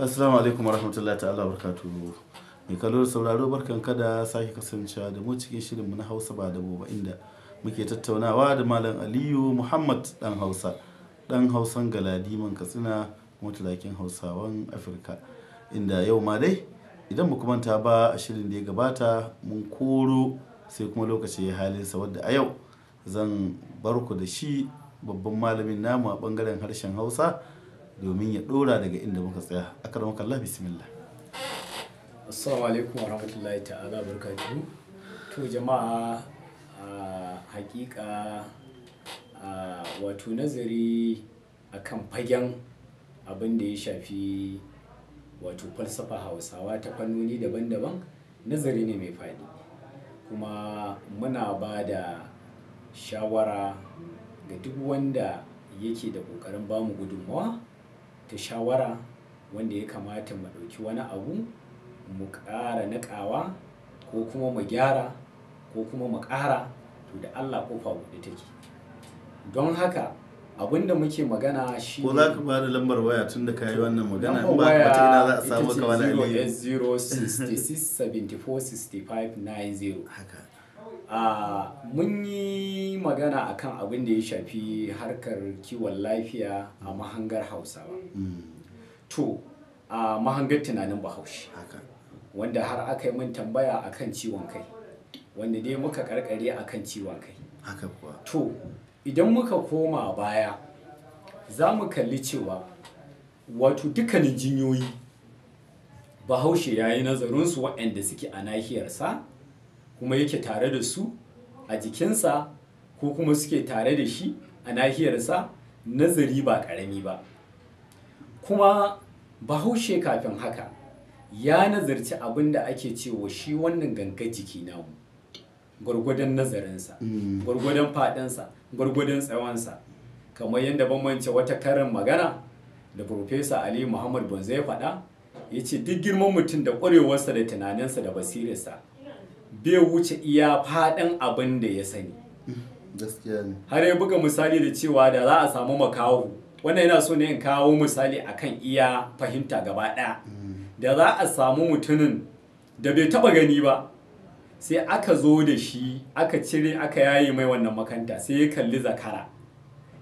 assalamu alaikum warahmatullahi ta'ala barkatu mai kallo da sauraro barkan kada sake kasancewa da mu cikin shirin mu na hausa ba da boba inda muke tattaunawa da malam aliyu muhammad dan hausa dan hausan galadiman katsina mutulakin hausawan afirka inda yau ma dai idan mu manta ba a shirin da ya gabata mun koro sai kuma lokaci ya halin sa wadda a yau zan barku da shi babban malamin namu a bangaren harshen hausa domin ya ɗora daga inda muka tsaya a karamar Allah bismillah assalamu alaikum wa rahmatullahi ta'ala barkatu to jama'a a hakika wato nazari akan fagen abin da ya shafi wato falsafa hausawa ta fannoni daban-daban nazari ne mai faɗi kuma muna ba da shawara ga duk wanda yake da ƙoƙarin bamu gudunmawa ta shawara wanda ya kamata mu ɗauki wani abu mu ƙara naƙawa ko kuma mu gyara ko kuma mu ƙara to da Allah kofa buɗe take don haka abin da muke magana shi ko za ka bada lambar waya tun da kayi wannan magana ba ta ina za a samu ka wani aliyu 0 66 74 65 90 haka Ah, mun yi magana akan abin da ya shafi harkar kiwon lafiya a mahangar hausawa to a mahangar tunanin bahaushe wanda har aka yi min tambaya akan ciwon kai wanda dai muka karkare akan ciwon kai to idan muka koma baya za mu kalli cewa wato dukkanin jinyoyi bahaushe ya yi nazarinsu waɗanda suke a nahiyarsa kuma yake tare da su a jikinsa ko kuma suke tare da shi a nahiyarsa nazari ba ƙarami ba kuma bahaushe kafin haka ya nazarci abin da ake cewa shi wannan ganga jiki namu gwargwadon nazarinsa mm. gwargwadon faɗinsa gwargwadon tsawonsa kamar yadda bambance wata karin magana da Profesa Ali Muhammad Bonzo ya faɗa ya ce duk girman mutum da ƙwarewarsa da tunaninsa da basirinsa. bai wuce iya faɗin abin da ya sani har ya buga misali da cewa da za a samu makaho wannan yana so ne in kawo misali akan iya fahimta gaba ɗaya mm. da za a samu mutumin da bai taba gani ba sai aka zo da shi aka cire aka yayi mai wannan makanta sai ya kalli zakara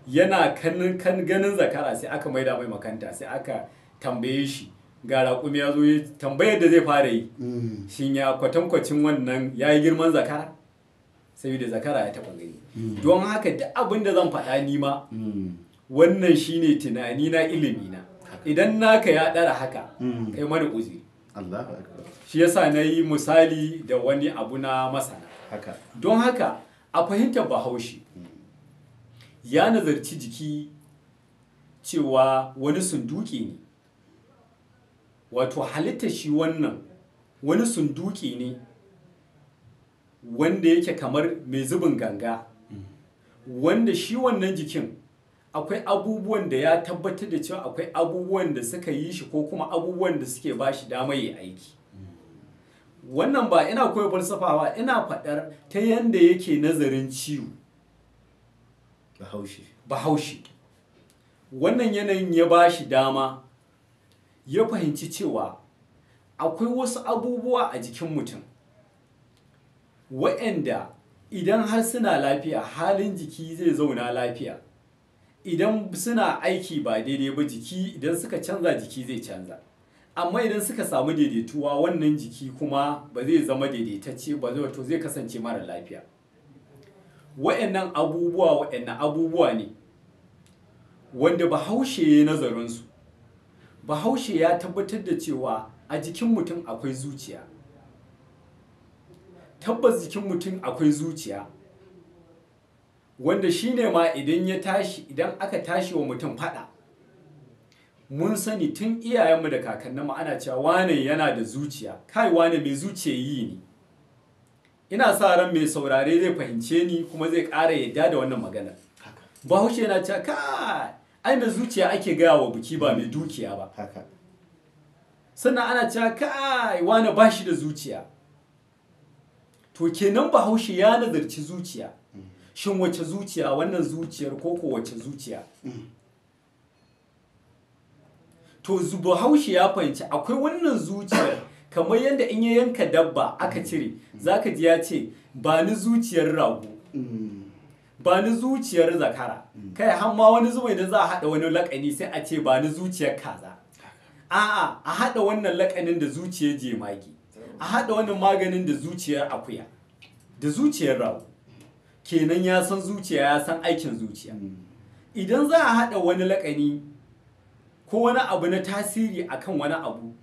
yana kan ganin zakara sai aka maida mai makanta sai aka tambaye shi ga raƙumi ya zo ya tambayar da zai fara yi mm. shin ya kwatankwacin wannan ya yi girman zakara da zakara ya taɓa gani mm. don haka duk abin da zan faɗa ni ma mm. wannan shine tunani na ilimi na idan naka ya ɗara haka kai mana uzi shi ya sa na yi misali da wani abu na masana don haka a fahimtar bahaushe ya nazarci jiki cewa wani sunduki ne wato halitta shi wannan wani sunduki ne wanda yake kamar mai zubin ganga wanda shi wannan jikin akwai abubuwan da ya tabbatar da cewa akwai abubuwan da suka yi shi ko kuma abubuwan da suke ba shi dama yi aiki wannan ba ina koyi falsafawa ina faɗar ta yadda yake nazarin ciwo bahaushe bahaushe wannan yanayin ya ba shi dama ya fahimci cewa akwai wasu abubuwa a jikin mutum waɗanda idan har suna lafiya halin jiki zai zauna lafiya idan suna aiki ba daidai ba jiki idan suka canza jiki zai canza amma idan suka samu daidaituwa wannan jiki kuma ba zai zama daidaitacce ba zai wato zai kasance mara lafiya wa'annan abubuwa wa'annan abubuwa ne wanda bahaushe ya yi nazarinsu bahaushe ya tabbatar da cewa a jikin mutum akwai zuciya tabbas jikin mutum akwai zuciya wanda shine ma idan ya tashi idan aka tashi wa mutum fada mun sani tun iyayenmu da kakanninmu ana cewa wane yana da zuciya kai wane mai zuciya yi ne ina sa ran mai saurare zai fahimce ni kuma zai ƙara yadda da wannan magana bahaushe yana cewa kai ai mai zuciya ake gaya wa buki ba mai dukiya ba sannan ana cewa kai wani ba shi da zuciya to kenan bahaushe ya nazarci zuciya shin wace zuciya wannan zuciyar ko ko wace zuciya to bahaushe ya fahimci akwai wannan zuciyar kamar yadda in ya yanka dabba aka cire zaka ji ya ce ba ni zuciyar rago mm. ba ni zuciyar zakara mm. kai har ma wani zuwa idan za a haɗa wani lakani sai a ce ba ni zuciyar kaza a'a a haɗa wannan lakanin da zuciyar jemagi, a haɗa wannan maganin da zuciyar akuya da zuciyar rawu kenan ya san zuciya ya san aikin zuciya mm. idan za a haɗa wani lakani ko wani abu na tasiri akan wani abu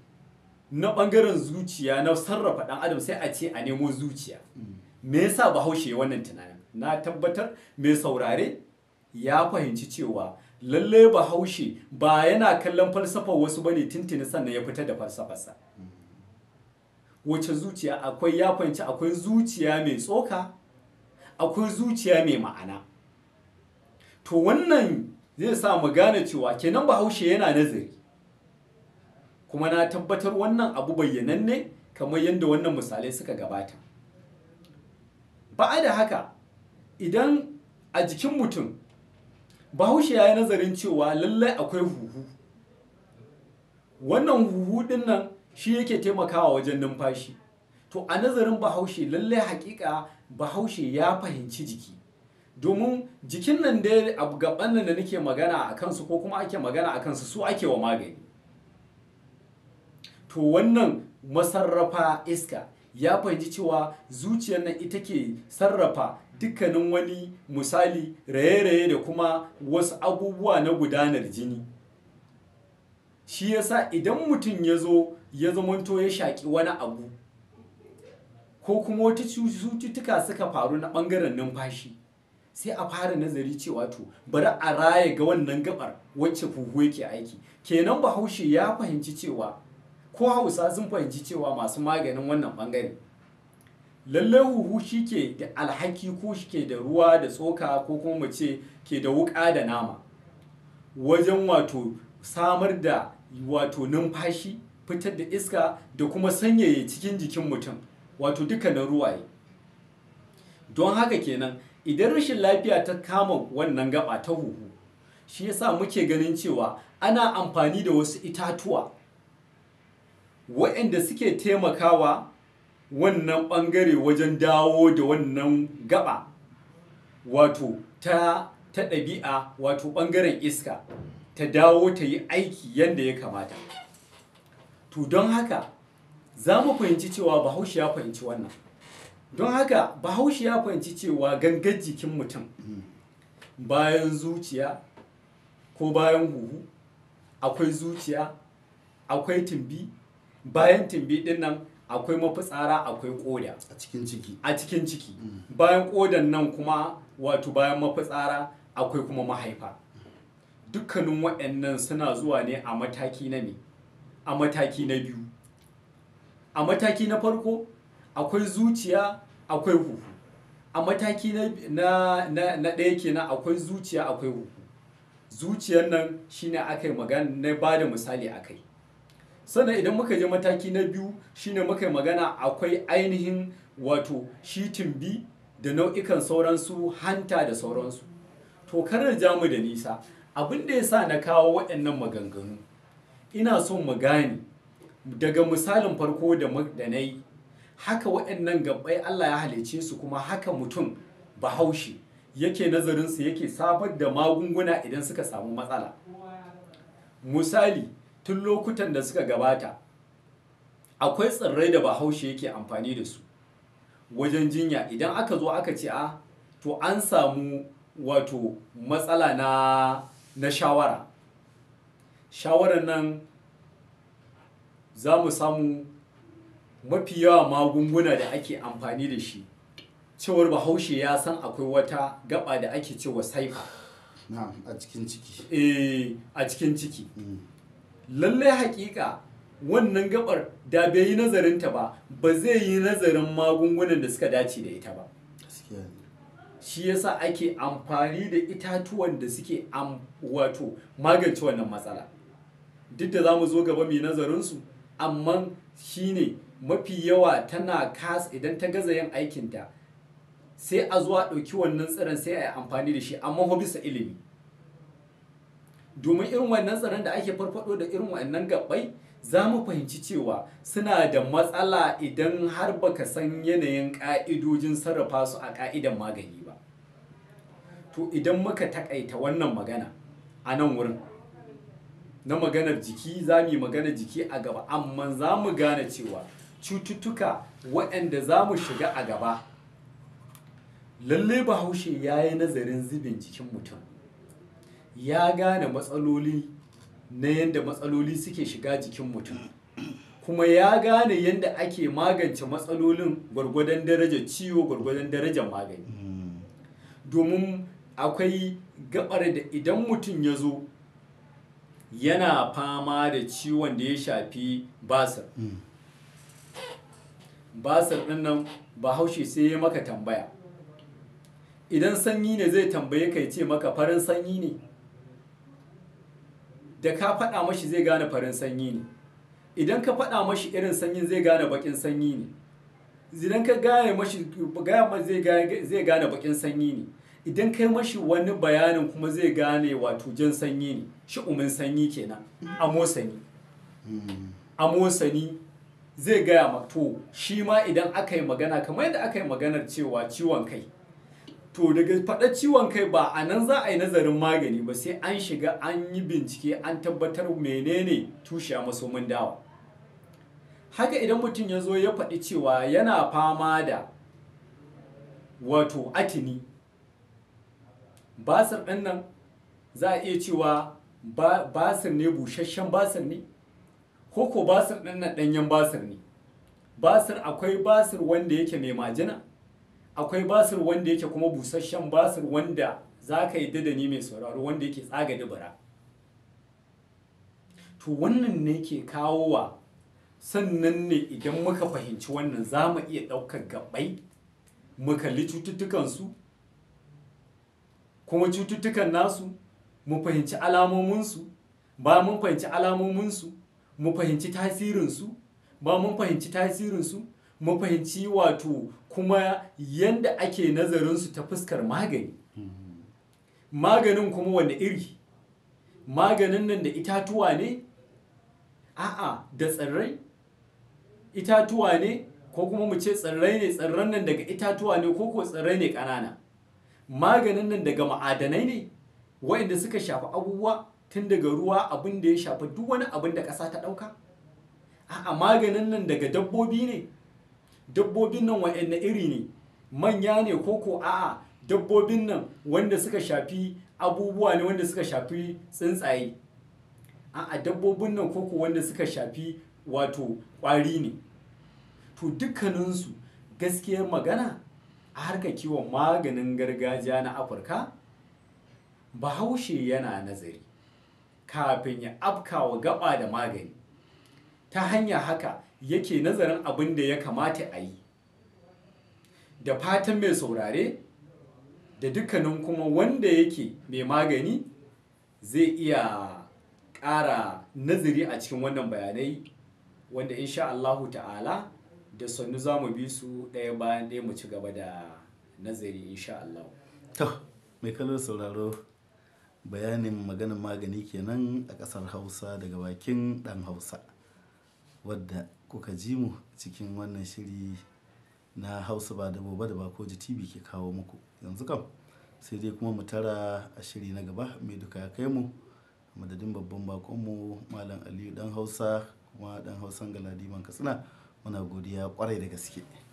na ɓangaren zuciya na sarrafa ɗan adam sai a ce a nemo zuciya mm. me yasa bahaushe wannan tunanin na tabbatar mai saurare ya fahimci cewa lalle bahaushe ba yana kallon falsafar wasu bane tintini sannan ya fitar da falsafarsa wace zuciya akwai ya fahimci akwai zuciya mai tsoka akwai zuciya mai ma'ana to wannan zai sa mu gane cewa kenan bahaushe yana nazari kuma na tabbatar wannan abu bayyananne kamar yadda wannan misalai suka gabata ba da haka idan a jikin mutum bahaushe ya yi nazarin cewa lallai akwai huhu wannan huhu din nan shi yake taimakawa wajen numfashi to a nazarin bahaushe lallai hakika bahaushe ya fahimci jiki domin jikin nan da abu gaban nan da nake magana a kansu ko kuma ake magana a kansu su ake wa magani to wannan masarrafa iska ya fahimci cewa zuciyar nan ita ke sarrafa dukkanin wani misali raye-raye da kuma wasu abubuwa na gudanar jini shi yasa idan mutum ya zo ya zamanto ya shaƙi wani abu ko kuma wata cututtuka suka faru na ɓangaren numfashi sai a fara nazari cewa to bari a raya ga wannan gabar wacce huhu yake aiki kenan bahaushe ya fahimci cewa ko hausa sun fahimci cewa masu maganin wannan bangare lallai huhu shi ke da alhaki ko shi ke da ruwa da tsoka ko kuma mu ke da wuka da nama wajen wato samar da wato numfashi fitar da iska da kuma sanyaya cikin jikin mutum wato duka dukkanin ruwaye don haka kenan idan rashin lafiya ta kama wannan gaba ta huhu shi yasa muke ganin cewa ana amfani da wasu itatuwa waɗanda suke taimakawa wannan ɓangare wajen dawo da wannan gaba wato ta ta ɗabi'a wato ɓangaren iska ta dawo ta yi aiki yadda ya kamata to don haka za mu fahimci cewa bahaushe ya fahimci wannan don haka bahaushe ya fahimci cewa gangar jikin mutum bayan zuciya ko bayan huhu akwai zuciya akwai tumbi bayan timbi din nan akwai mafitsara akwai koda a cikin ciki a cikin ciki mm. bayan kodan nan kuma wato bayan mafitsara akwai kuma mahaifa dukkanin waɗannan suna zuwa ne a mataki na ne a mataki na biyu a mataki na farko akwai zuciya akwai huhu a mataki na na ɗaya kenan akwai zuciya akwai huhu zuciyar nan shine akai magana na ba da misali akai sannan idan muka je mataki na biyu shine muka yi magana akwai ainihin wato shi timbi da nau'ikan sauransu hanta da sauransu to ja jamu da nisa abin da ya sa na kawo waɗannan maganganu ina son mu gane daga misalin farko da na yi haka waɗannan gabbai Allah ya halice su kuma haka mutum bahaushe yake nazarinsu yake sabar da magunguna idan suka samu matsala misali tun lokutan da suka gabata akwai tsirrai da bahaushe yake amfani da su wajen jinya idan aka zo aka ce a ah, to an samu wato matsala na na shawara shawarar nan za mu samu mafi yawa magunguna da ake amfani da shi cewar bahaushe ya san akwai wata gaba da ake cewa saifa a a cikin ciki eh, mm. lallai haƙiƙa, wannan gabar da bai yi nazarinta ba ba zai yi nazarin magungunan da suka dace da ita ba shi yasa ake amfani da itatuwan da suke wato magance wannan matsala duk da za mu zo gaba mai nazarinsu amma shine mafi yawa tana kas idan ta gaza yin aikinta sai a zuwa ɗauki wannan tsiron sai a yi amfani da shi amma bisa ilimi domin irin wannan tsaron da ake farfado da irin wannan gabbai za mu fahimci cewa suna da matsala idan har baka san yanayin ka'idojin sarrafa su a ka'idan magani ba to idan muka takaita wannan magana a nan wurin na maganar jiki za mu yi maganar jiki a gaba amma za mu gane cewa cututtuka waɗanda za mu shiga a gaba lallai bahaushe ya yi nazarin zubin jikin mutum ya gane matsaloli na yadda matsaloli suke shiga jikin mutum kuma ya gane yadda ake magance matsalolin gwargwadon darajar ciwo gwargwadon darajar magani domin akwai gabar da idan mutum ya zo yana fama da ciwon da ya shafi basir basir ɗin nan bahaushe sai ya maka tambaya idan sanyi ne zai tambaye ka ce maka farin sanyi ne da ka faɗa mashi zai gane farin sanyi ne idan ka faɗa mashi irin sanyin zai gane bakin sanyi ne idan ka gaya mashi gaya zai gane bakin sanyi ne idan kai mashi wani bayanin kuma zai gane wato jan sanyi ne shi'umin sanyi kenan amo sanyi amo sanyi zai gaya ma shi ma idan aka yi magana kamar yadda aka yi maganar cewa ciwon kai to daga faɗa ciwon kai ba a nan za a yi nazarin magani ba sai an shiga an yi bincike an tabbatar menene maso mun dawa haka idan mutum ya zo ya faɗi cewa yana fama da wato atini basir ɗin nan za a iya cewa basir ne busasshen basir ne ko ko basir ɗin nan ɗanyen basir ne basir akwai basir wanda yake mai majina akwai basir wanda yake kuma busasshen basir wanda za ka yi dada ne mai sauraro wanda yake tsaga dubara to wannan ne ke kawo wa sannan ne idan muka fahimci wannan za mu iya ɗaukar gabai mu kalli cututtukansu kuma cututtukan nasu mu fahimci alamominsu ba mun fahimci alamominsu mu fahimci tasirinsu ba mun fahimci tasirinsu mafahimci wato kuma yanda ake nazarin su ta fuskar magani maganin kuma wanda iri maganin nan da itatuwa ne a'a da tsirrai itatuwa ne ko kuma mu ce tsirrai ne tsirran nan daga itatuwa ne ko ko tsirrai ne kanana? maganin nan daga ma'adanai ne waɗanda suka shafi abubuwa tun daga ruwa abin da ya shafi duk wani abin da ƙasa ta ɗauka a'a maganin nan daga dabbobi ne dabbobin nan wa'anne iri ne manya ne ko ko a'a dabbobin nan wanda suka shafi abubuwa ne wanda suka shafi tsuntsaye a'a dabbobin nan ko ko wanda suka shafi wato ƙwari ne to dukkaninsu gaskiyar magana a harkar kiwon maganin gargajiya na afirka bahaushe yana nazari kafin ya afkawa gaba da magani ta hanyar haka yake nazarin abin da ya kamata a yi da fatan mai saurare da dukkanin kuma wanda yake mai magani zai iya ƙara nazari a cikin wannan bayanai wanda insha Allahu ta'ala da sannu za mu bi su ɗaya bayan ɗaya mu ci gaba da nazari insha Allah. To, mai kallon sauraro bayanin maganin magani kenan a ƙasar Hausa daga bakin ɗan Hausa wadda kuka ji mu cikin wannan shiri na Hausa ba da gobe da Bakoji TV ke kawo muku. Yanzu kam sai dai kuma mu tara a shiri na gaba mai duka ya kai mu madadin babban bakonmu Malam Aliyu ɗan Hausa kuma ɗan Hausan Galadiman Katsina muna godiya kwarai da gaske.